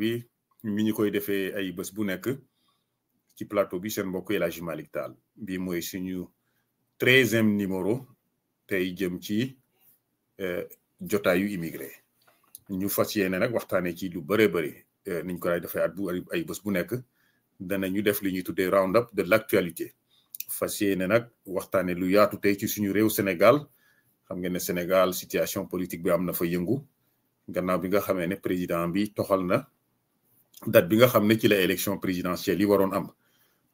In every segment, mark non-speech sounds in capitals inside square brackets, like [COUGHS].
bi mi ñu koy defee ay bës bu nekk ci plateau bi seen mbokk El Hadji Malick Tall bi mooy suñu treizième numéro tey jëm ci euh, jotaayu immigré ñu fas yéene nag waxtaanee ci lu bëree bëri euh, niñ ko lay defee at bu ay bës bu nekk danañu def li ñuy tuddee round up de l' actualité fas yéene nag waxtaanee lu yaatu tey ci suñu réew Sénégal xam ngeen ne Sénégal situation politique bi am na fa yëngu gannaaw bi nga xamee ne président bi toxal na date bi nga xam ne ci la élection présidentielle yi waroon am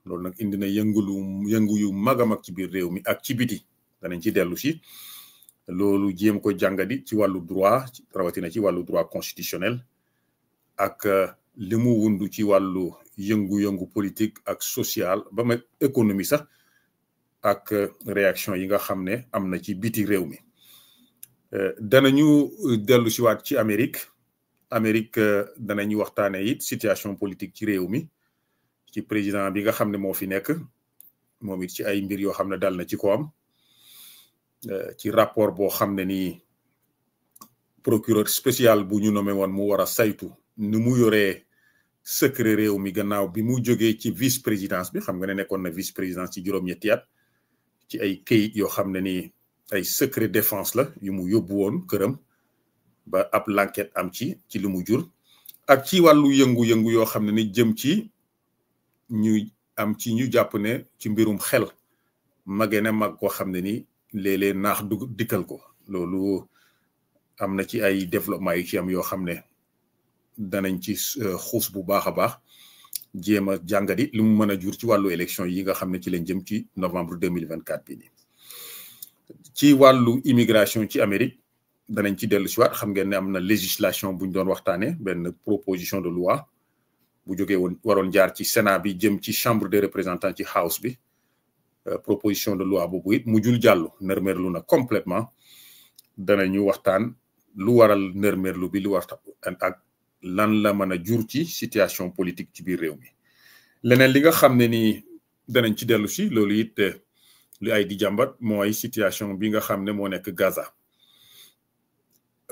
loolu nag indi na yëngulu yëngu yu mag a mag ci biir réew mi ak ci biti danañ ci dellusi si loolu jéem ko jàngadi ci wàllu droit rawatina ci wàllu droit constitutionnel ak euh, li wundu ci wàllu yëngu-yëngu politique ak social ba ma économie sax ak euh, réaction yi nga xam ne am na ci biti réew mi euh, danañu dellu siwaat ci Amérique Amérique euh, danañ waxtaane it situation politique ci réew mi ci président bi nga xam ne moo fi nekk moom it ci ay mbir yoo xam ne dal na ci ko am euh, ci rapport boo xam ne ni procureur spécial bu ñu nommé woon mu war a saytu ni mu yoree secret réew mi gannaaw bi mu jógee ci vice présidence bi xam nga ne nekkoon na vice présidence ci juróom-ñetti at ci ay kayit yoo xam ne nii ay secret défense la yu mu yóbbu woon këram ba ab l'enquête am ci ci li mu jur ak ci wàllu yëngu-yëngu yoo xam ne ni jëm ci ñu am ci ñu jàpp ne ci mbirum xel magee ne mag koo xam ne ni léeg-léeg naax dikal ko loolu am na ci ay développement yu ci am yoo xam ne danañ ci euh, xuus bu baax a baax jéem a jàngati li mu mën a jur ci wàllu élection yi nga xam ne ci lañ jëm ci novembre deux mille vingt quatre bi nii ci wàllu immigration ci Amérique. danañ ci dellu si waat xam ngeen ne am na législation bu ñu doon waxtaanee benn proposition de loi bu jógee woon waroon jaar ci Sénat bi jëm ci chambre de représentants ci house bi euh, proposition de loi boobu it mujjul jàllu nërmeerlu na complètement danañu waxtaan lu waral nërmeerlu bi lu war ak lan la mën a jur ci situation politique ci biir réew mi leneen li nga xam ne ni danañ ci dellu si loolu it euh, li ay di jàmbat mooy situation bi nga xam ne moo nekk Gaza.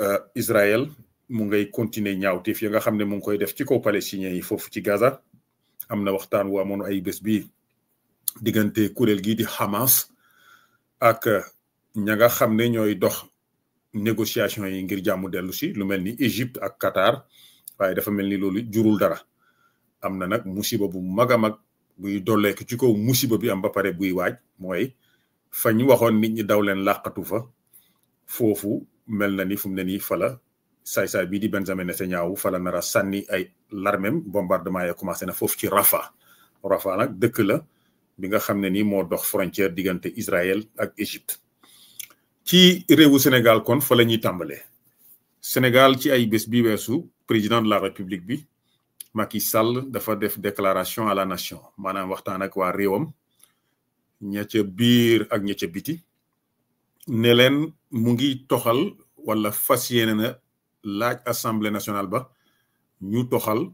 Euh, Israël mu ngay continuer ñaawteef ya nga xam ne mu ngi koy def ci kaw palestiniens yi foofu ci Gaza am na waxtaan wa amoon ay bés bi diggante kuréel gii di Hamas ak ña nga xam ne ñooy dox négociation yi ngir jàmm dellu si lu mel ni Égypte ak Qatar waaye dafa mel ni loolu jurul dara am na nag musiba bu mag a mag buy dolleeku ci kaw musiba bi am ba pare buy waaj mooy fañ waxoon nit ñi daw leen làqatu fa foofu mel na ni fu ne nii fala saay-saay bii di Benjamin Netanyahu fala nara sànni ay larmem bombardement ya commencé na foofu ci Rafa Rafa nag dëkk la bi nga xam ne nii moo dox frontière diggante Israël ak Égypte ci réewu Sénégal kon fa la ñuy tàmbalee Sénégal ci ay bés bi weesu président de la République bi Macky Sall dafa def déclaration à la nation maanaam waxtaan ak waa réewam ña ca biir ak ña biti ne leen mu ngi toxal wala fas yéene na laaj assemblée nationale ba ñu toxal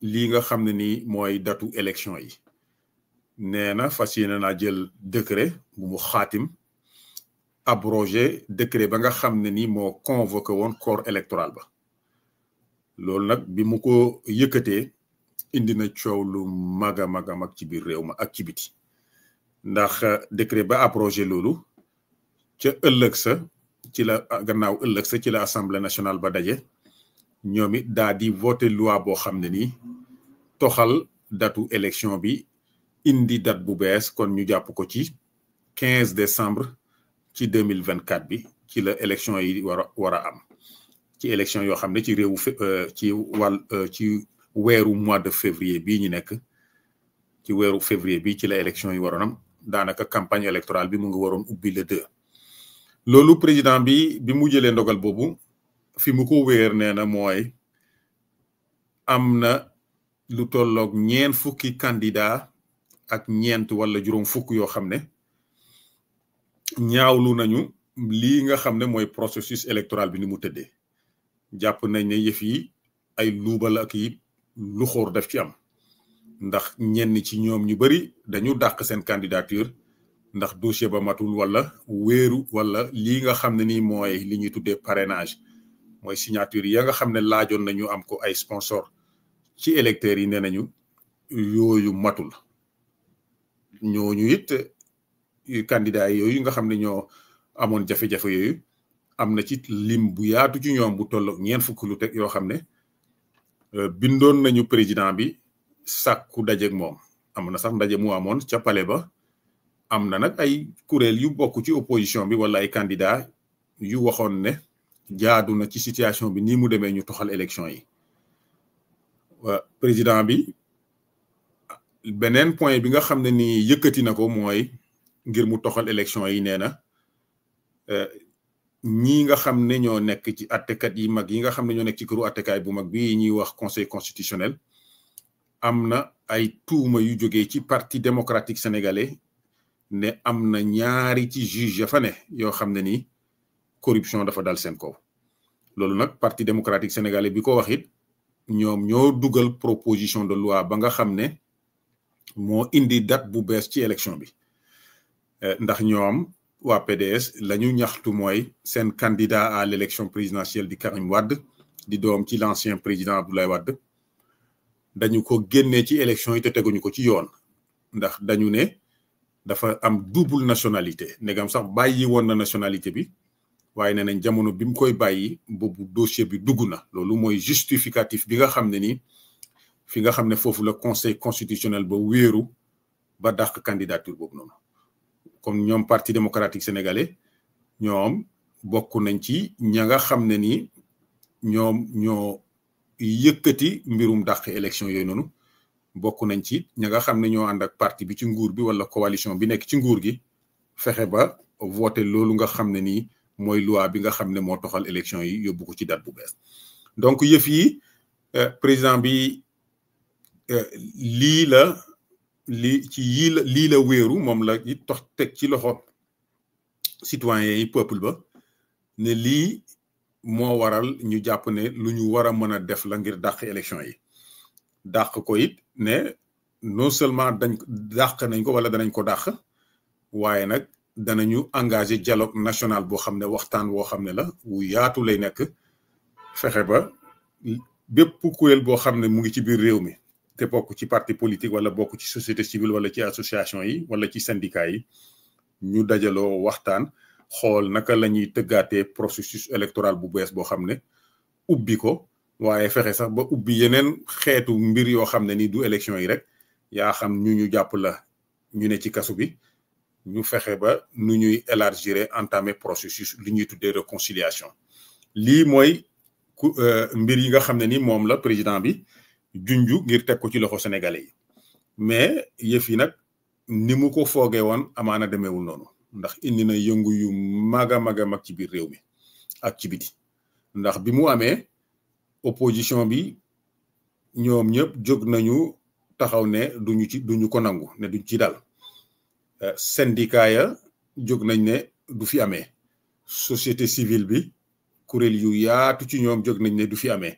lii nga xam ne nii mooy datu élection yi nee na fas yéene naa jël décret bu mu xaatim abrogé décret ba nga xam ne ni mo convoqué woon corps électoral ba loolu nag bi mu ko yëkkatee indi na coow lu mag a mag a mag ci biir réew ma ak ci ndax euh, décret ba abrogé loolu ca ëllëg sa ci la ah, gannaaw ëllëg sa ci la assemblée nationale ba daje ñoom it daa di voté loi boo xam ne ni toxal datu élection bi indi date bu bees kon ñu jàpp ko ci quinze décembre ci deux mille vingt quatre bi ci la élection yi war a war a am ci élection yoo xam ne ci réewu euh, ci wàll euh, ci weeru mois de février bii ñu nekk ci weeru février bi ci la élection yi waroon am daanaka campagne électorale bi mu ngi waroon ubbi le deux. loolu président bi bi mu jëlee ndogal boobu fi mu ko wéer nee na mooy am na lu tollook ñeen fukki candidat ak ñeent wala juróom fukk yoo xam ne ñaawlu nañu lii nga xam ne mooy processus électoral bi ni mu tëddee jàpp nañ ne yëf ay luubal ak yi lu xóor daf ci am ndax ñenn ci ñoom ñu bari dañu dàq seen candidature ndax dossier ba matul wala wéeru wala lii nga xam ne nii mooy li ñuy tuddee parrainage mooy signature ya nga xam ne laajoon nañu am ko ay sponsor ci électeurs yi nee nañu yooyu matul ñooñu it candidats yi yooyu nga xam ne ñoo amoon jafe-jafe yooyu am na ci lim bu yaatu ci ñoom bu tolloog ñeent fukk lu teg yoo xam ne euh, bindoon nañu président bi sàkku dajeeg moom am na sax ndaje mu amoon ca palais ba am na nag ay kuréel yu bokk ci opposition bi wala ay candidat yu waxoon ne jaadu na ci situation bi nii mu demee ñu toxal élection yi président bi beneen point bi nga xam ne nii yëkkati na ko mooy ngir mu toxal élection yi nee na euh, ñii nga xam ne ñoo nekk ci attekat yi mag yi nga xam ne ñoo nekk ci këru attekaay bu mag bi ñuy wax conseil constitutionnel am na ay tuuma yu jógee ci parti démocratique sénégalais ne am na ñaari ci juge ya fa ne yoo xam ne ni corruption dafa dal seen kaw loolu nag parti démocratique sénégalais bi ko wax it ñoom ñoo dugal proposition de loi ba nga xam ne moo indi date bu bees ci élection bi eh, ndax ñoom waa PDS la ñu ñaxtu mooy seen candidat à l'élection présidentielle di Karim Wade di doom ci l'ancien président Abdoulaye Wade dañu ko génnee ci élection yi te teguñu ko ci yoon ndax dañu ne dafa am double nationalité ndegam sax bàyyi woon na nationalité bi waaye nee nañ jamono bi mu koy bàyyi boobu dossier bi dugg na loolu mooy justificatif bi nga xam ne ni fi nga xam ne foofu la conseil constitutionnel ba wéeru ba dàq candidature boobu noonu comme ñoom parti démocratique sénégalais ñoom bokk nañ ci ña nga xam ne ni ñoom ñoo yëkkati mbirum dàq élection yooyu noonu bokk nañ ci ña nga xam ne ñoo ànd ak parti bi ci nguur bi wala coalition bi nekk ci nguur gi fexe ba voté loolu nga xam ne nii mooy loi bi nga xam ne moo toxal élection yi yóbbu ko ci date bu bees donc yëf yi euh, président bi euh, lii la lii ci yii la lii la moom la it tax teg ci loxo citoyens yi peuple ba ne lii moo waral ñu jàpp ne lu ñu war a mën a def la ngir dàq élection yi dàq ko it ne non seulement dañ dàq nañ ko wala danañ ko dàq waaye nag danañu engagé dialogue national boo xam ne waxtaan woo xam ne la wu yaatu lay nekk fexe ba bépp kuréel boo xam ne mu ngi ci biir réew mi te bokk ci parti politique wala bokk ci société civile wala ci association yi wala ci syndicat yi ñu dajaloo waxtaan xool naka lañuy ñuy tëggaatee processus électoral bu bees boo xam ne ubbi ko waaye fexe sax ba ubbi yeneen xeetu mbir yoo xam ne ni du élection yi rek yaa xam ñu ñu jàpp la ñu ne ci kasu bi ñu fexe ba nu ñuy élargir entamer processus li ñuy tuddee réconciliation lii mooy ku euh, mbir yi nga xam ne ni moom la président bi junju ngir teg ko ci loxo sénégalais yi mais yëf yi nag ni mu ko foogee woon amaana demeewul noonu ndax indi na yëngu yu mag a mag mag ci biir réew mi ak ci biti ndax bi mu amee opposition bi ñoom ñëpp jóg nañu taxaw ne duñu ci duñu ko nangu ne duñ ci dal euh, syndicat ya jóg nañ ne du fi amee société civile bi kuréel yu yaatu ci ñoom jóg nañ ne du fi amee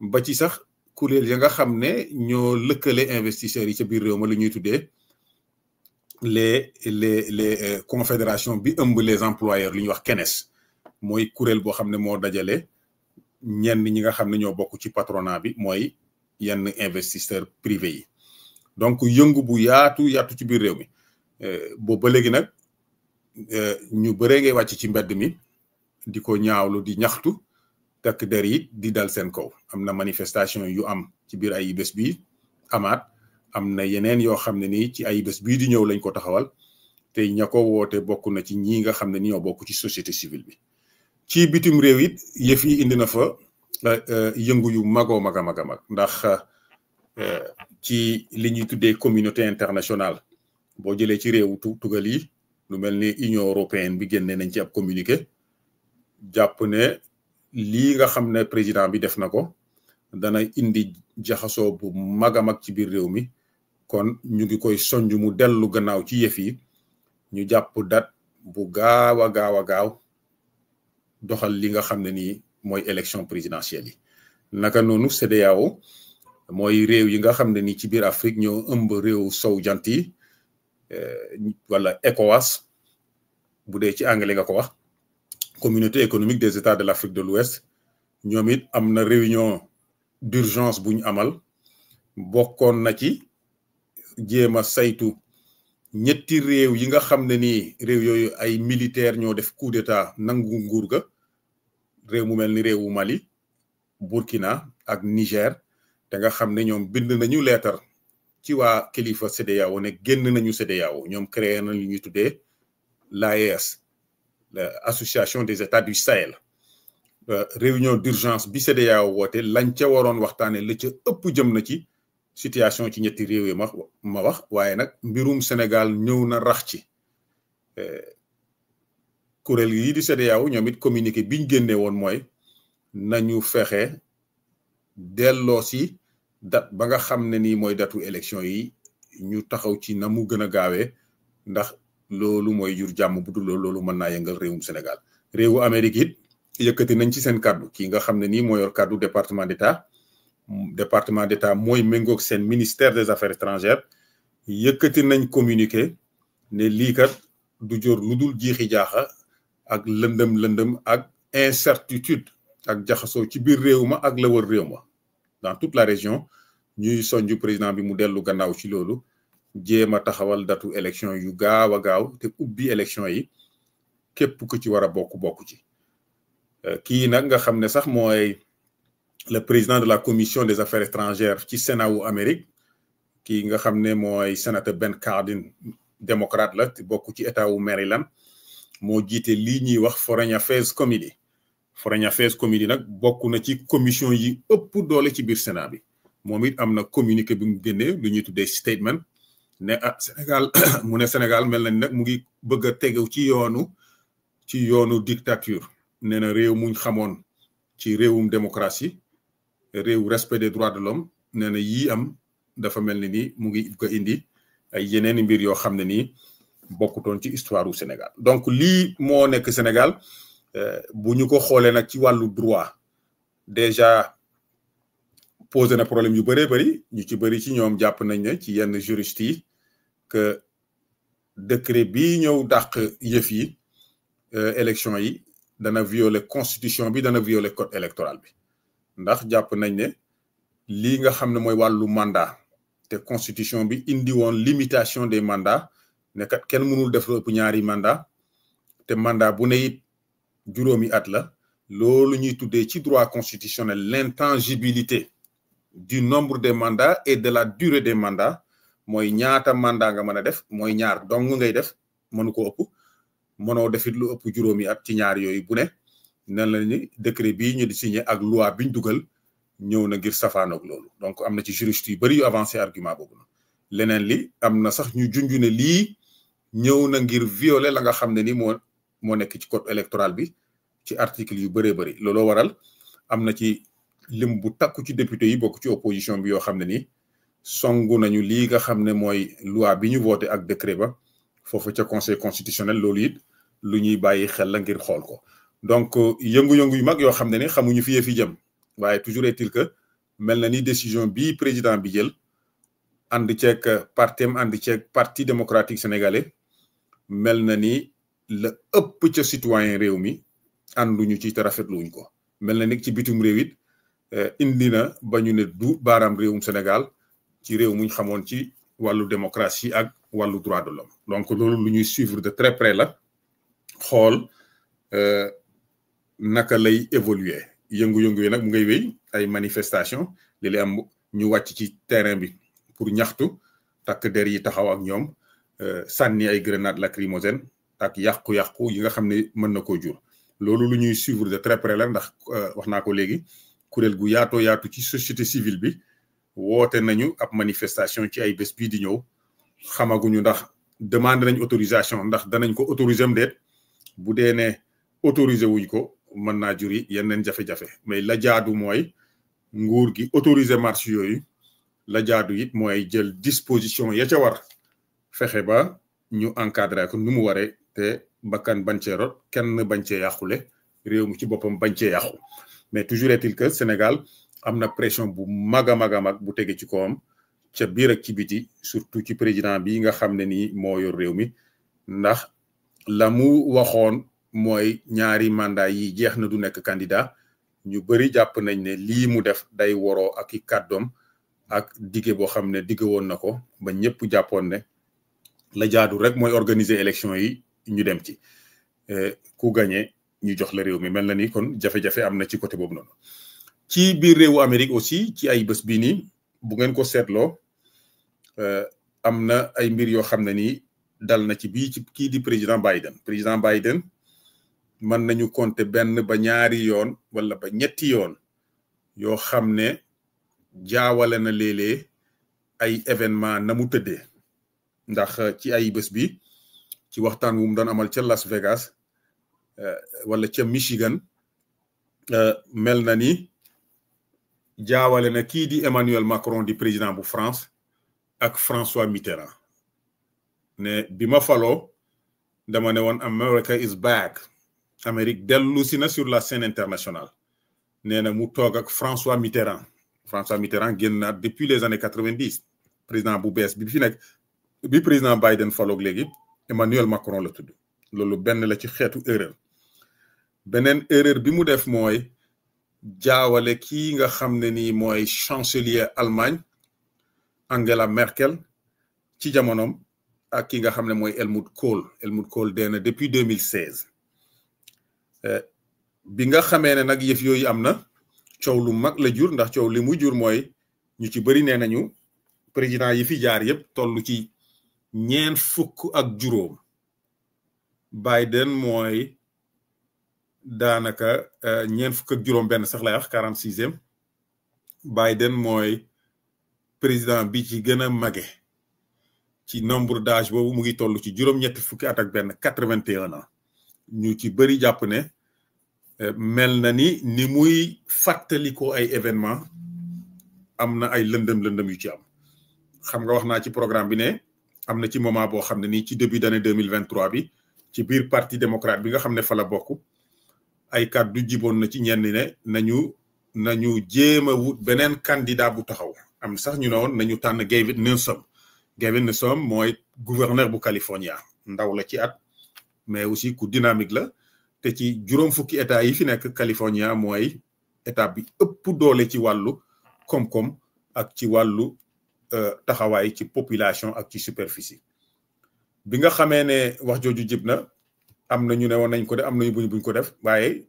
ba ci sax kuréel ya nga xam ne ñoo lëkkale investisseurs yi ca biir réew ma la ñuy tuddee les les les euh, confédération bi ëmb les employeurs li ñuy wax kenes mooy kuréel boo xam ne moo dajale ñenn ñi nga xam ne ñoo bokk ci patronat bi mooy yenn investisseur privé yi donc yëngu bu yaatu yaatu ci biir réew mi euh, boobu ba léegi nag euh, ñu bëree ngay wàcc ci mbedd mi di ko ñaawlu di ñaxtu takk der yi di dal seen kaw am na manifestation yu am ci biir ay bés bii amaat am na yeneen yoo xam ne nii ci ay bés bii di ñëw lañ ko taxawal te ña ko woote bokk na ci ñi nga xam ne ñoo bokku ci société civile bi ci bitim réew it yëf yi indi na fa euh, euh, yëngu yu magoo mag a mag a mag ndax euh, ci li ñuy tuddee communauté internationale boo jëlee ci réew tu tugal yi lu mel ni Union européenne bi génne nañ ci ab communiqué jàpp ne lii nga xam ne président bi def na ko dana indi jaxasoo bu mag a mag ci biir réew mi kon ñu ngi koy sonj mu dellu gannaaw ci yëf yi ñu jàpp dat bu gaaw a gaaw a gaaw doxal li nga xam ne nii mooy élection présidentielle yi naka noonu CEDEAO mooy réew yi nga xam ne nii ci biir Afrique ñoo ëmb réew sow jant yi eh, wala ECOWAS bu dee ci anglais nga ko wax communauté économique des états de l'Afrique de l'Ouest ñoom it am na réunion d'urgence bu ñu amal bokkoon na ci jéem a saytu ñetti réew yi nga xam ne nii réew yooyu ay militaire ñoo def coup d'état nangu nguur ga réew mu mel ni réewu Mali Burkina ak Niger te nga xam ne ñoom bind nañu leetar ci waa kilifa CEDEAO ne génn nañu CEDEAO ñoom créé na lu ñuy tuddee l'AES l'association des états du Sahel euh, réunion d'urgence bi CEDEAO woote lañ ca waroon waxtaane la ca ëpp jëm na ci situation ci ñetti réew yi ma ma wax waaye nag mbirum Sénégal ñëw na rax ci euh, kuréel yii di CEDEAO ñoom it communiqué bi ñu génnee woon mooy nañu fexe delloo si date ba nga xam ne nii mooy datu élection yi ñu taxaw ci na mu gën a gaawee ndax loolu mooy jur jàmm bu dul loolu mën naa yëngal réewum Sénégal réewu Amérique it yëkkati nañ ci seen kàddu kii nga xam ne nii moo yor kàddu département d'État département d'État mooy méngoog seen ministère des affaires étrangères yëkkati nañ communiqué ne lii du jor lu dul jiixi jaaxa ak lëndëm lëndëm ak incertitude ak jaxasoo ci biir réew ma ak la wër réew ma dans toute la région ñuy sonju président bi mu dellu gannaaw ci loolu jéem a taxawal datu élection yu gaaw a gaaw te ubbi élection yi képp ku ci war a bokk bokk ci euh, kii nag nga xam ne sax mooy le président de la commission des affaires étrangères ci Sénat wu Amérique kii nga xam ne mooy sénateur Ben Cardin démocrate la bokk ci état wu Maryland moo jiite lii ñuy wax foreign affairs committee foreign affairs committee nag bokk na ci commission yi ëpp doole ci biir Sénat bi moom it am na communiquer bi mu génnee lu ñuy tuddee statement ne ah Sénégal [COUGHS] mu ne Sénégal mel na ni nag mu ngi bëgg a tegew ci yoonu ci yoonu dictature nee na réew muñ xamoon ci réewum démocratie réew respect des droits de l'homme nee na yii am dafa mel ni nii mu ngi ko indi ay yeneen mbir yoo xam ne nii bokkutoon ci histoire du Sénégal donc lii moo nekk Sénégal euh, bu ñu ko xoolee nag ci wàllu droit déjà posé na problème yu bëree bëri ñu ci bëri ci ñoom jàpp nañ ne ci yenn juriste yi que décret bi ñëw dàq yëf yi euh, élection yi dana violer constitution bi dana violer code électoral bi ndax jàpp nañ ne lii nga xam ne mooy wàllu mandat te constitution bi indi woon limitation des mandats ne kat kenn mënul def lu ëpp ñaari manda te manda bu ne it juróomi at la loolu ñuy tuddee ci droit constitutionnel l'intangibilité du nombre de manda et de la durée des manda mooy ñaata manda nga mën a def mooy ñaar dong ngay def mënu ko ëpp mënoo defit lu ëpp juróomi at ci ñaar yooyu bu ne nan la ni décret bii ñu di signé ak loi biñ dugal ñëw na ngir safaanoog loolu donc am na ci juriste yu bëri yu avancé argument boobu na leneen li am na sax ñu junj ne ñëw na ngir violer la nga xam ne ni moo moo nekk ci code électoral bi ci article yu bëree bëri looloo waral am na ci lim bu takku ci député yi bokk ci opposition bi yoo xam ne ni songu nañu lii nga xam ne mooy loi bi ñu voté ak décret ba foofu ca conseil constitutionnel loolu it lu ñuy bàyyi xel la ngir xool ko donc yëngu-yëngu yu mag yoo xam ne ni xamuñu fi fi jëm waaye toujours est-il que mel na ni décision bii président bi jël ànd ceeg partem ànd ceeg parti démocratique sénégalais mel na ni la ëpp ca citoyen réew mi ànduñu ci te rafetluwuñ ko mel na ni ci bitum réew it eh, indi na bañu ne du baaraam réewum Sénégal ci réew muñ xamoon ci wàllu démocratie ak wàllu droit de l'homme donc loolu lu ñuy suivre de très près la xool eh, naka lay évoluer yëngu-yëngu nag mu ngay wéy ay manifestation li lay am ñu wàcc ci terrain bi pour ñaxtu takk der yi taxaw ak ñoom Euh, sànni ay grenade lacrymogène ak yàqu-yàqu yi nga xam ne mën na koo jur loolu lu ñuy suivre de très près la ndax euh, wax naa ko léegi kuréel gu yaatoo yaatu ci société civile bi woote nañu ab manifestation ci ay bés bii di ñëw xamaguñu ndax demande nañ autorisation ndax danañ ko autoriser am déet bu dee ne autoriser wuñ ko mën naa juri yeneen jafe-jafe mais la jaadu mooy nguur gi autoriser marche yooyu la jaadu it mooy jël disposition ya ca war fexe ba ñu encadré ko nu mu waree te bakkan bañ cee rot kenn bañ cee yàqule réew mi ci boppam bañ ce yàqu mais toujours est-il que Sénégal am na pression bu mag a mag a mag bu tege ci kawam ca biir ak ci biti surtout ci président bi nga xam ne nii moo yor réew mi ndax lamu mu waxoon mooy ñaari mandat yi jeex na du nekk kandida ñu bëri jàpp nañ ne lii mu def day woroo ak i kàddoom ak dige boo xam ne dige woon na ko ba ñëpp jàppoon ne la jaadu rek mooy organiser élection yi ñu dem ci euh, ku gagné ñu jox la réew mi mel na ni kon jafe-jafe am na ci côté boobu noonu. ci biir réewu Amérique aussi ci ay bés bii nii bu ngeen ko seetloo euh, am na ay mbir yoo xam ne nii dal na ci bii ci kii di président Biden président Biden mën nañu conté benn ba ñaari yoon wala ba ñetti yoon yoo xam ne jaawale na léeg ay événement na mu tëddee. ndax euh, ci ay bés bi ci waxtaan wu mu doon amal ca Las Vegas euh, wala ca Michigan euh, mel na ni jaawale na kii di Emmanuel Macron di président bu France ak François Mitterrand ne bi ma faloo dama ne woon America is back Amérique dellu si na sur la scène international nee na mu toog ak François Mitterrand François Mitterrand génn na depuis les années quatre-vingt-dix président bu bees bi fi nekk bi président Biden faloog léegi Emmanuel Macron la tudd loolu benn la ci xeetu erreur beneen erreur bi mu def mooy jaawale kii nga xam ne nii mooy chancelier Allemagne Angela Merkel ci jamonoom ak ki nga xam ne mooy Helmut Kohl Helmut Kohl dee na depuis 2016 euh, bi nga xamee ne nag yëf yooyu am na coow lu mag la jur ndax ciow li mu jur mooy ñu ci bëri nee nañu président yi fi jaar yëpp ci ñeent fukk ak juróom bay den mooy daanaka euh, ñeent fukk ak juróom benn sax lay wax quarante sixième mooy président bi ci gën a mage ci nombre d'âge boobu mu ngi toll ci juróom-ñetti fukki at ak benn quatre vingt et un ans ñu ci bëri jàpp ne euh, mel na ni ni muy fàttalikoo ay événement am na ay lëndëm lëndëm yu ci am xam nga wax naa ci programme bi ne am na ci moment boo xam ne nii ci début d'année deux mille vingt trois bi ci biir parti démocrate bi nga xam ne fa la bokk ay kàddu jiboon na ci ñenn ne nañu nañu jéem a wut beneen candidat bu taxaw am sax ñu ne woon nañu tànn Gavin Newsom Gavin Newsom mooy gouverneur bu California ndaw la ci at mais aussi ku dynamique la te ci juróom fukki état yi fi nekk California mooy état bi ëpp doole ci wàllu koom-koom ak ci wàllu Euh, taxawaay ci population ak ci superficie bi nga xamee ne wax jooju jib na am na ñu ne woon nañ ko def am nañu buñ buñ ko def waaye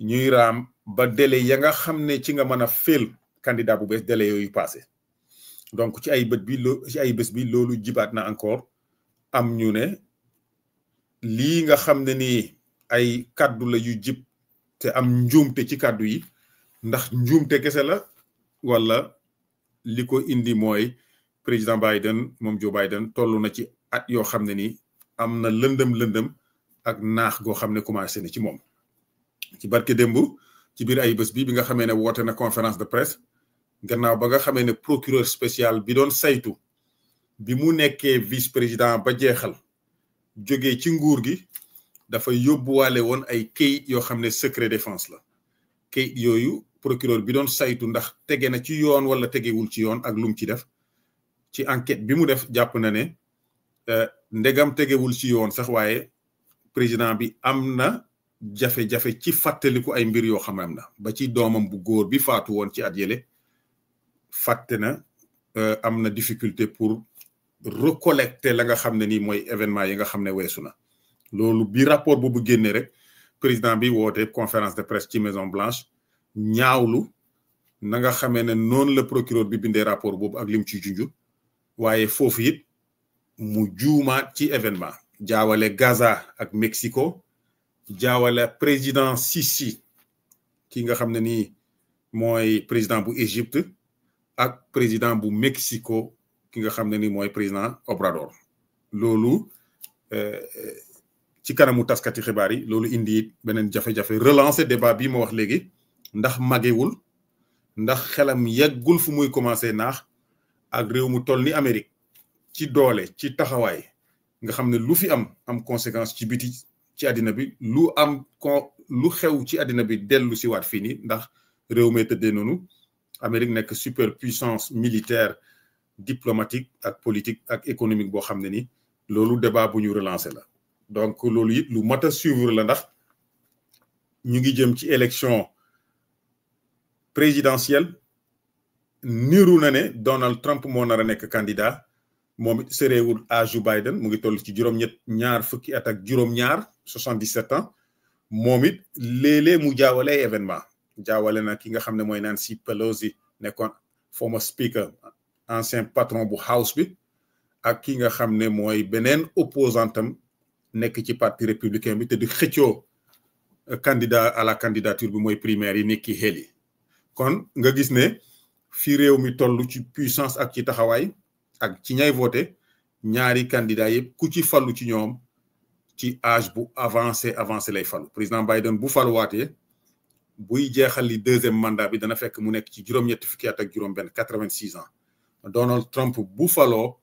ñuy raam ba délai ya nga xam ne ci nga mën a féel candidat bu bees délai yooyu passé donc ci ay bët bi loo ci bés bi loolu jibaat na encore am ñu ne lii nga xam ne nii ay kàddu la yu jib te am njuumte ci kàddu yi ndax njuumte kese wala li ko indi mooy président Biden moom Joe Biden toll na ci at yoo xam ne nii am na lëndëm lëndëm ak naax goo xam ne commencé na ci moom. ci barke démb ci biir ay bés bi bi nga xamee ne woote na conférence de presse gannaaw ba nga xamee ne procureur spécial bi doon saytu bi mu nekkee vice président ba jeexal jógee ci nguur gi dafa yóbbuwaale woon ay kayit yoo xam ne secret défense la kayit yooyu. procureur bi doon saytu ndax tege na ci yoon wala tegewul ci yoon ak lum ci def ci enquête bi mu def jàpp na ne euh, ndegam tegewul ci yoon sax waaye président bi am na jafe-jafe ci fàttaliku ay mbir yoo xam am na ba ci doomam bu góor bi faatu woon ci at yële fàtte na euh, am na difficulté pour recollecte la nga xam ne nii mooy événement yi nga xam ne weesu na loolu bi rapport boobu génnee rek président bi woote conférence de presse ci Maison Blanche ñaawlu na nga xamee ne noonu la procureur bi bindee rapport boobu ak lim ci junju waaye foofu it mu juumaat ci événement jaawale Gaza ak Mexico jaawale président Sisi ki nga xam ne nii mooy président bu Égypte ak président bu Mexico ki nga xam ne ni mooy président Obrador loolu euh, euh, ci kanamu taskati xibaar yi loolu indi it beneen jafe-jafe relancer débat bi ma wax léegi ndax magewul ndax xelam yeggul fu muy commencé naax ak réew mu toll ni Amérique ci doole ci taxawaay nga xam ne lu fi am am conséquence ci biti ci àddina bi lu am kon lu xew ci àddina bi dellu si waat fii nii ndax réew mee tëddee noonu Amérique nekk superpuissance militaire diplomatique ak politique ak économique boo xam ne ni loolu débat bu ñu relancer la donc loolu it lu mat a suivre la ndax ñu ngi jëm ci élection présidentielle niru na ne Donald Trump moo nar a nekk candidat moom it sëreewul aju Biden mu ngi toll ci juróom-ñett ñaar fukki at ak juróom-ñaar 77 ans moom it léeg mu jaawale événement jaawale na ki nga xam ne mooy Nancy Pelosi nekkoon former speaker ancien patron bu house bi ak ki nga xam ne mooy beneen opposantam nekk ci parti républicain bi te di xëccoo euh, candidat à la candidature bi mooy primaire yi Nikki Haley kon nga gis ne fi réew mi toll ci puissance ak ci taxawaay ak ci ñay voté ñaari candidat yëpp ku ci fallu ci ñoom ci âge bu avancé avancé lay falu président Biden bu faluwaatee buy jeexal li deuxième mandat bi dana fekk mu nekk ci juróom-ñetti ak juróom-benn quatre-vingt-six bu faloo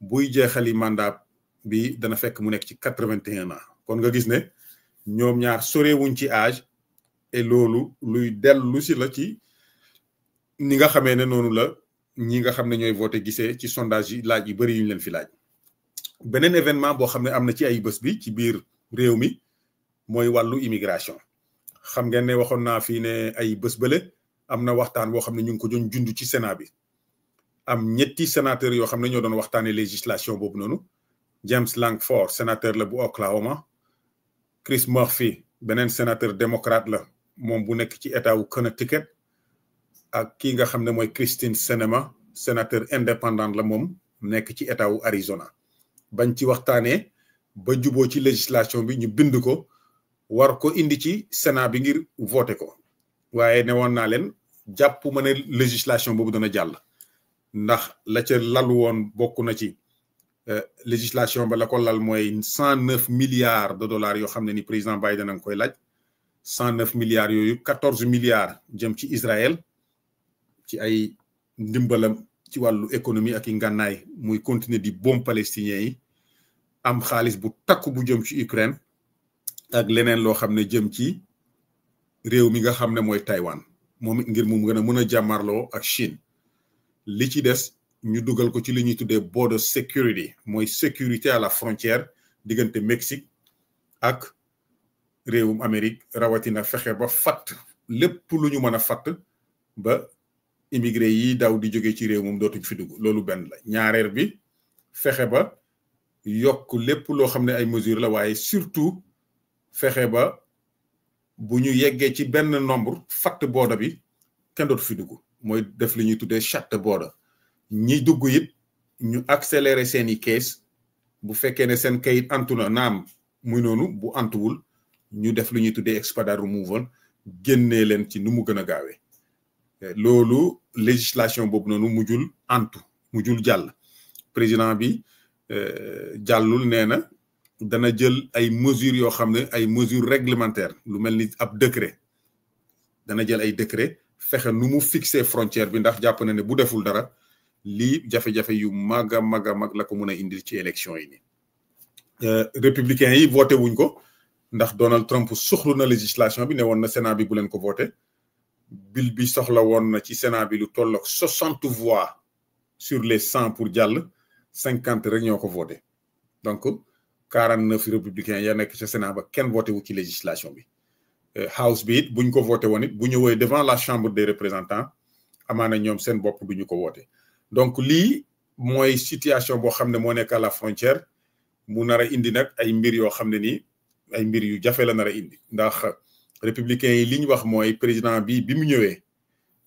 buy jeexali mandat bi dana fekk mu nekk ci quatre vingt ans kon nga gis ne ñoom ñaar sorewuñ ci âge et loolu luy dellusi la ci. ni nga xamee ne noonu la ñi nga xam ne ñooy voté gisee ci sondage yi laaj yu bëri yu leen fi laaj beneen événement boo xam ne am na ci ay bés bi ci biir réew mi mooy wàllu immigration xam ngeen ne waxoon naa fii ne ay bés bële am na waxtaan boo xam ne ñu ngi ko doon jund ci Sénat bi am ñetti sénateur yoo xam ne ñoo doon waxtaanee législation boobu noonu James Langford sénateur la bu Oklahoma Chris Murphy beneen sénateur démocrate la moom bu nekk ci état wu Connecticut ak kii nga xam ne mooy Christine Sinema sénateur indépendant la moom nekk ci état wu Arizona bañ ci waxtaanee ba juboo ci législation bi ñu bind ko war ko indi ci Sénat bi ngir voté ko waaye ne woon naa leen jàpp ma ne législation boobu dana jàll ndax la ca lalu woon bokk na ci euh, législation ba la ko lal mooy cent neuf milliards de dollars yoo xam ne ni président Biden a ngi koy laaj cent neuf milliards yooyu quatorze milliards jëm ci israel ci ay ndimbalam ci wàllu économie ak i ngànnaay muy continuer di boom palestiniens yi am xaalis bu takk bu jëm ci Ukraine ak leneen loo xam ne jëm ci réew mi nga xam ne mooy Taïwan moom it ngir mu gën a mën a jàmmarloo ak Chine li ci des ñu dugal ko ci li ñuy tuddee border security mooy sécurité à la frontière diggante Mexique ak réewum Amérique rawatina fexe ba fatt lépp lu ñu mën a fatt ba immigré yi daw di jóge ci réew moom dootuñ fi dugg loolu benn la ñaareel bi fexe ba yokk lépp loo xam ne ay mesures la waaye surtout fexe ba bu ñu yeggee ci benn nombre fatt booda bi kenn dootu fi dugg mooy def lu ñuy tuddee chatte booda ñi dugg it ñu accélérer seeni kees bu fekkee ne seen kayit antu na naam muy noonu bu antuwul ñu def lu ñuy tuddee expatriate removal génnee leen ci nu mu gën a gaawee loolu législation boobu noonu mujjul antu mujul jàll président bi euh, jàllul nee na dana jël ay mesures yoo xam ne ay mesures réglementaires lu mel ni ab décret dana jël ay décret fexe nu mu fixe frontière bi ndax jàpp na ne bu deful dara li jafe-jafe yu mag a mag a mag la ko mën a indil ci élection yi nii. Euh, républicains yi voté wuñ ko ndax Donald Trump soxlu na législation bi ne woon na Sénat bi bu leen ko voté. bill bi soxla woon na ci Sénat bi lu toll ak soixante voix sur les cent pour jàll cinquante rek ñoo ko voté donc quarante neuf républicains ya nekk ca Sénat ba kenn voté wu ci législation bi euh, house bi it buñ ko voté woon it bu ñëwee devant la chambre des représentants amaana ñoom seen bopp du ñu ko voté donc lii mooy situation boo xam ne moo nekk à la frontière mu nar a indi nag ay mbir yoo xam ne ni ay mbir yu jafe la nar indi ndax républicains yi li ñu wax mooy président bi bi mu ñëwee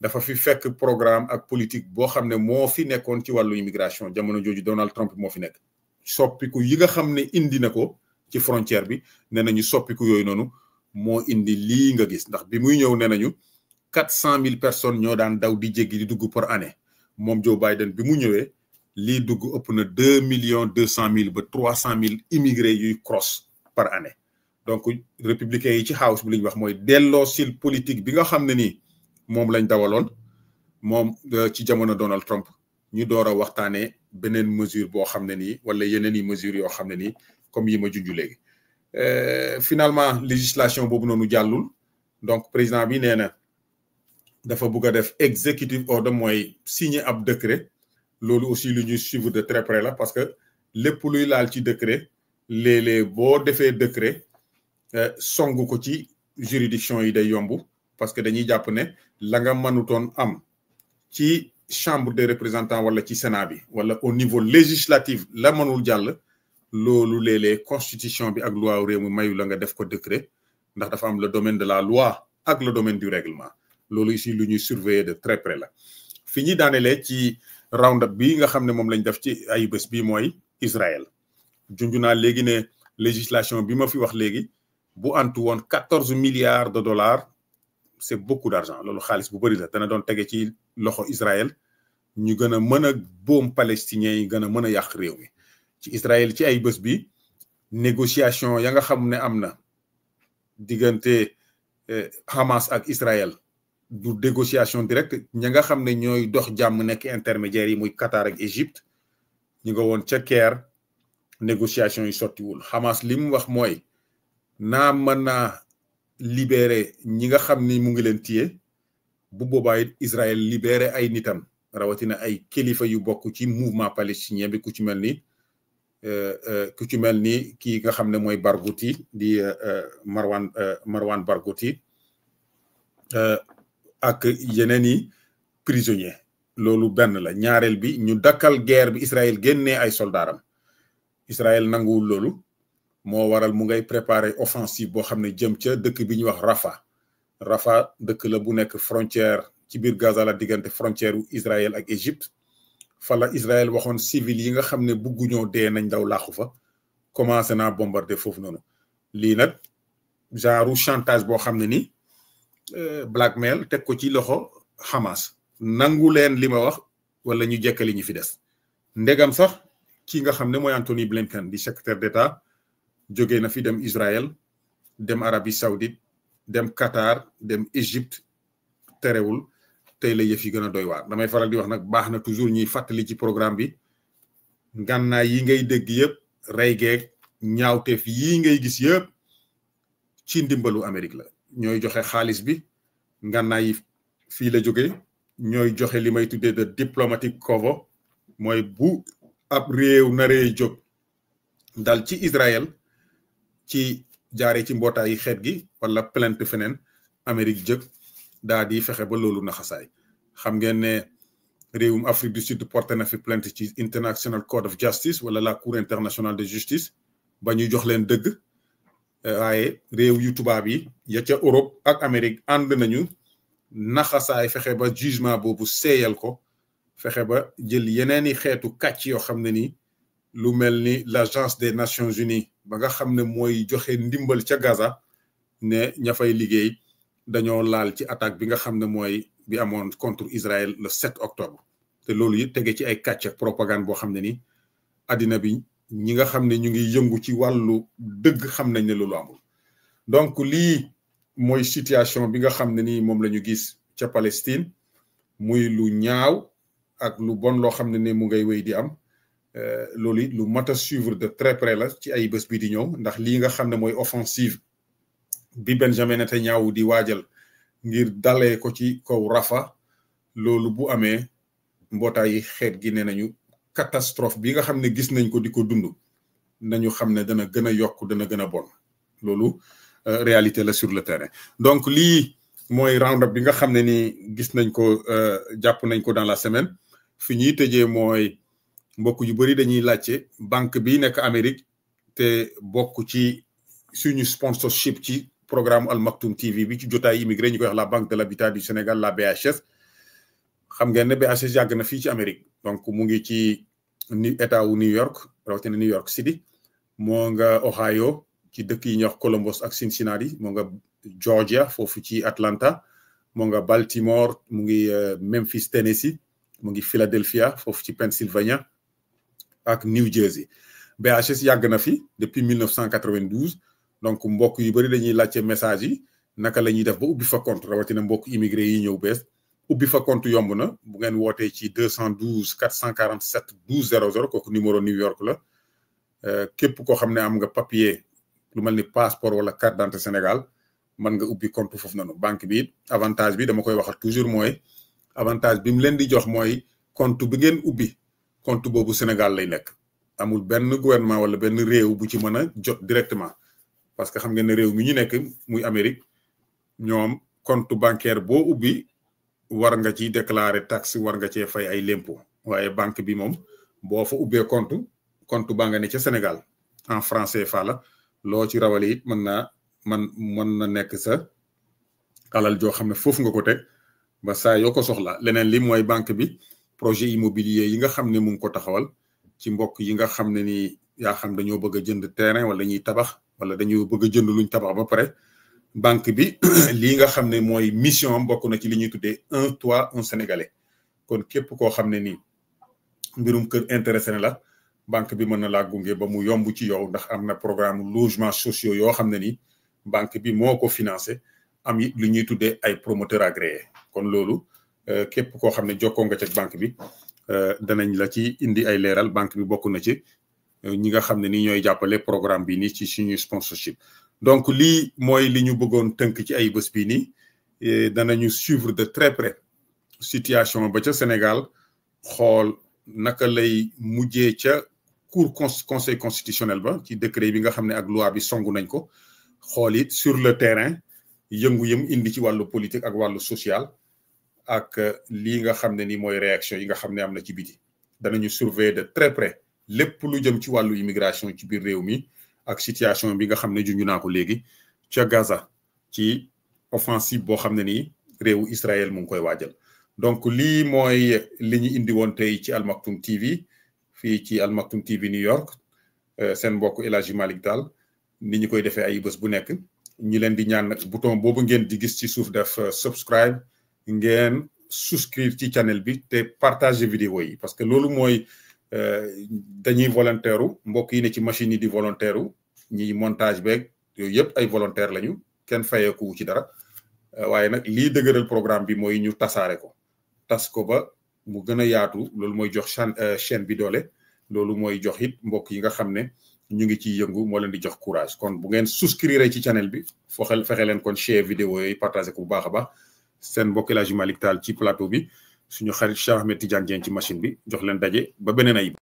dafa fi fekk programme ak politique boo xam ne moo fi nekkoon ci wàllu immigration jamono jooju Donald Trump moo fi nekk soppiku yi nga xam ne indi na ko ci frontière bi nee nañu soppiku yooyu noonu moo indi li nga gis ndax bi muy ñëw nee nañu quatre cent mille personnes ñoo daan daw di jéggi di dugg par année moom Joe Biden bi mu ñëwee lii dugg ëpp na deux millions deux cent mille ba trois cent mille immigrés yuy cross par année donc républicains yi ci xa bi li ñu wax mooy delloo sil politique bi nga xam ne ni moom lañ dawaloon moom euh, ci jamono Donald Trump ñu door a waxtaanee beneen mesure boo xam ne nii wala yeneen i mesures yoo xam ne nii comme yi ma junj léegi. Euh, finalement législation boobu noonu jàllul donc président bi nee na dafa bugg a def executive order mooy signer ab décret loolu aussi lu ñuy suivre de très près la parce que lépp luy laal ci décret léeg-léeg boo defee décret. Euh, songu ko ci juridiction yi day yomb parce que dañuy jàpp ne la nga mënutoon am ci chambre des représentants wala ci sénat bi wala au niveau législatif la manul jàll loolu léeg constitution bi ak loi réew mi mayu la nga def ko décret ndax dafa am le domaine de la loi ak le domaine du règlement loolu ici lu ñuy surveiller de très près la fi ñuy daanelee ci round up bi nga xam ne moom lañ def ci ay bés bi mooy Israël junju naa léegi ne législation bi ma fi wax léegi bu antu woon quatorze milliards de dollars c'est beaucoup d'argent loolu xaalis bu bëri la dana doon tege ci loxo Israël ñu gën a mën a boom palestiniens yi gën a mën a yàq réew mi ci Israël ci ay bés bi négociation ya nga xam ne am na diggante eh, Hamas ak Israël du négociation directe ña nga xam ne ñooy dox jàmm nekk intermédiaires yi muy Qatar ak Égypte ñu nga woon ca Caire négociation yi sottiwul Hamas li mu wax mooy naa mën naa libéré ñi nga xam ni mu ngi leen téye bu boobaa it Israël libéré ay nitam rawatina ay kilifa yu bokk ci mouvement palestinien bi ku ci mel ni euh, euh, ku ci mel ni kii nga xam ne mooy Barghouti di euh, Marwan Marwan Barghouti ak yeneen i prisonnier loolu benn la ñaareel bi ñu dakkal guerre bi Israël génnee ay soldaaram Israël nanguwul loolu moo waral mu ngay préparer offensive boo xam ne jëm ca dëkk bi ñuy wax Rafa Rafa dëkk la bu nekk frontière ci biir Gaza la diggante frontière u Israël ak Égypte fala la Israël waxoon civil yi nga xam ne bugguñoo dee nañ daw làqu fa commencé naa bombarder foofu noonu lii nag genre chantage boo xam ne ni euh, blackmail teg ko ci loxo Hamas nangu leen li ma wax wala ñu jekkali ñu fi des ndegam sax ki nga xam ne mooy Anthony Blinken di secrétaire d'État jóge na fi dem Israël dem Arabie Saoudite dem Qatar dem Égypte terewul tey la yëf yi gën a doy waar damay faral di wax nag baax na toujours ñuy fàttali ci programme bi ngànnaay yi ngay dégg yëpp rey geeg ñaawteef yii ngay gis yëpp ci ndimbalu Amérique la ñooy joxe xaalis bi ngànnaay yi fii la jóge ñooy joxe li may tuddee de diplomatique kovo mooy bu ab réew naree jóg dal ci Israël ci jaaree ci yi xeet gi wala plainte feneen Amérique jëkk daa di fexe ba loolu naxasaay xam ngeen ne réewum Afrique du Sud porté na fi plainte ci International Court of Justice wala la Cour internationale de justice ba ñu jox leen dëgg waaye réew yu tubaab yi ya ca Europe ak Amérique ànd nañu naxasaay fexe ba jugement boobu seeyal ko fexe ba jël yeneeni xeetu kàcc yoo xam ne nii lu mel ni l'agence des nations unies ba nga xam ne mooy joxe ndimbal ca Gaza ne ña fay liggéey dañoo laal ci attaque bi nga xam ne mooy bi amoon contre Israël le octobre te loolu it tege ci ay kàcc ak propagande boo xam ne ni addina bi ñi nga xam ne ñu ngi yëngu ci wàllu dëgg xam nañ ne loolu amul donc lii mooy situation bi nga xam ne ni moom la ñu gis ca Palestine muy lu ñaaw ak lu bon loo xam ne ni mu ngay wéy di am Euh, loolu it lu mat a suivre de très près la ci ay bés bi di ñëw ndax lii nga xam ne mooy offensive bi Benjamin Netanyahu di waajal ngir dalee ko ci kaw Rafa loolu bu amee mbootaayi xeet gine nañu catastrophe bi nga xam ne gis nañ ko di ko dund nañu xam ne dana gën a yokk dana gën a bon loolu euh, réalité la sur le terrain donc lii mooy round-up bi nga xam ne ni gis nañ ko euh, jàpp nañ ko dans la semaine fi ñuy tëjee mooy mbokk yu bëri dañuy laajte banque bi nekk Amérique te bokk ci suñu sponsorship ci programme Al Maktoum TV bi ci jotaay immigré ñu koy wax la banque de l'habitat du Sénégal la BHS xam ngeen ne BHS yàgg na fii ci Amérique donc mu ngi ci état wu New York rawatina New York City moo nga Ohio ci dëkk yi ñuy wax Columbus ak Cincinnati moo nga Georgia foofu ci Atlanta mu nga Baltimore mu ngi euh, Memphis Tennessee mu ngi Philadelphia foofu ci Pennsylvania ak New Jersey BHS yàgg na fi depuis 1992 donc mbokk yu bëri dañuy laajte message yi naka la ñuy def ba ubbi fa compte rawatina mbokk immigré yi ñëw bees ubbi fa compte yomb na bu ngeen wootee ci 212 447 12 00 kooku numéro New York la euh, képp koo xam ne am nga papier lu mel ni passeport wala carte d'identité Sénégal mën nga ubbi compte foofu noonu banque bi avantage bi dama koy waxal toujours mooy avantage bi mu leen di jox mooy compte bi ngeen ubbi. compte boobu Sénégal lay nekk amul benn gouvernement wala benn réew bu ci mën a jot directement parce que xam ngeen ne réew mi ñu nekk muy Amérique ñoom compte bancaire boo ubbi war nga ciy déclarer taxe war nga cee fay ay lempo waaye banque bi moom boo fa ubbee compte compte banque nga ne ca Sénégal en français fa la loo ci rawale it mën naa man mën na nekk sa alal joo xam ne foofu nga ko teg ba saa yoo ko soxla leneen li mooy banque bi projet immobilier yi nga xam ne mu ngi ko taxawal ci mbokk yi nga xam ne ni yaa xam dañoo bëgg a jënd terrain wala ñuy tabax wala dañoo bëgg a jënd luñ tabax ba pare banque bi [CLEARS THROAT] lii nga xam ne mooy mission am bokk na ci li ñuy tuddee un toit un sénégalais kon képp koo xam ne nii mbirum kër intéressé na la banque bi mën na laa gunge ba mu yomb ci yow ndax am na programme logement sociaux yoo xam ne nii banque bi moo ko financé am li ñuy tuddee ay promoteur agréé kon loolu Euh, képp koo xam ne jokkoo nga ci banque bi euh, danañ la ci indi ay leeral banque bi bokk na ci euh, ñi nga xam ne ni ñooy jàppale programme bi nii ci suñu sponsorship. donc lii mooy li ñu bëggoon tënk ci ay bés bii nii danañu suivre de très près situation ba ca Sénégal xool naka lay mujjee ca cour conseil constitutionnel ba ci décret bi nga xam ne ak loi bi songu nañ ko xool it sur le terrain yëngu-yëm indi ci wàllu politique ak wàllu social. ak euh, lii nga xam ne ni mooy réaction yi nga xam ne am na ci biti danañu surveiller de très près lépp lu jëm ci wàllu immigration ci biir réew mi ak situation bi nga xam ne junju naa ko léegi ca Gaza ci offensive boo xam ne nii réewu Israël mu ngi koy waajal donc lii mooy li ñu indi woon tey ci Al Maktoum TV fii ci Al Maktoum TV New York euh, seen mbokk El daal Malick ni ñu koy defee ay bés bu nekk ñi leen di ñaan nag bouton boobu ngeen di gis ci suuf def euh, subscribe ngeen souscrire ci channel bi te partager vidéo yi parce que loolu mooy euh, dañuy volontaire mbokk yi ne ci machine yi di volontaire ñi montage beeg yooyu yëpp ay volontaire lañu kenn fayeeku ci dara euh, waaye nag lii dëgëral programme bi mooy ñu tasaare ko tas ko ba mu gën a yaatu loolu mooy jox chaine euh, bi doole loolu mooy jox it mbokk yi nga xam ne ñu ngi ciy yëngu moo leen di jox courage kon bu ngeen souscrire ci channel bi foxel fexe leen kon share vidéo yooyu partagé ko bu baax a baax seen mbokk El Hadji Malick ci plateau bi suñu xarit Cheikh Ahmed Tidiane Dieng ci machine bi jox leen daje ba beneen ayib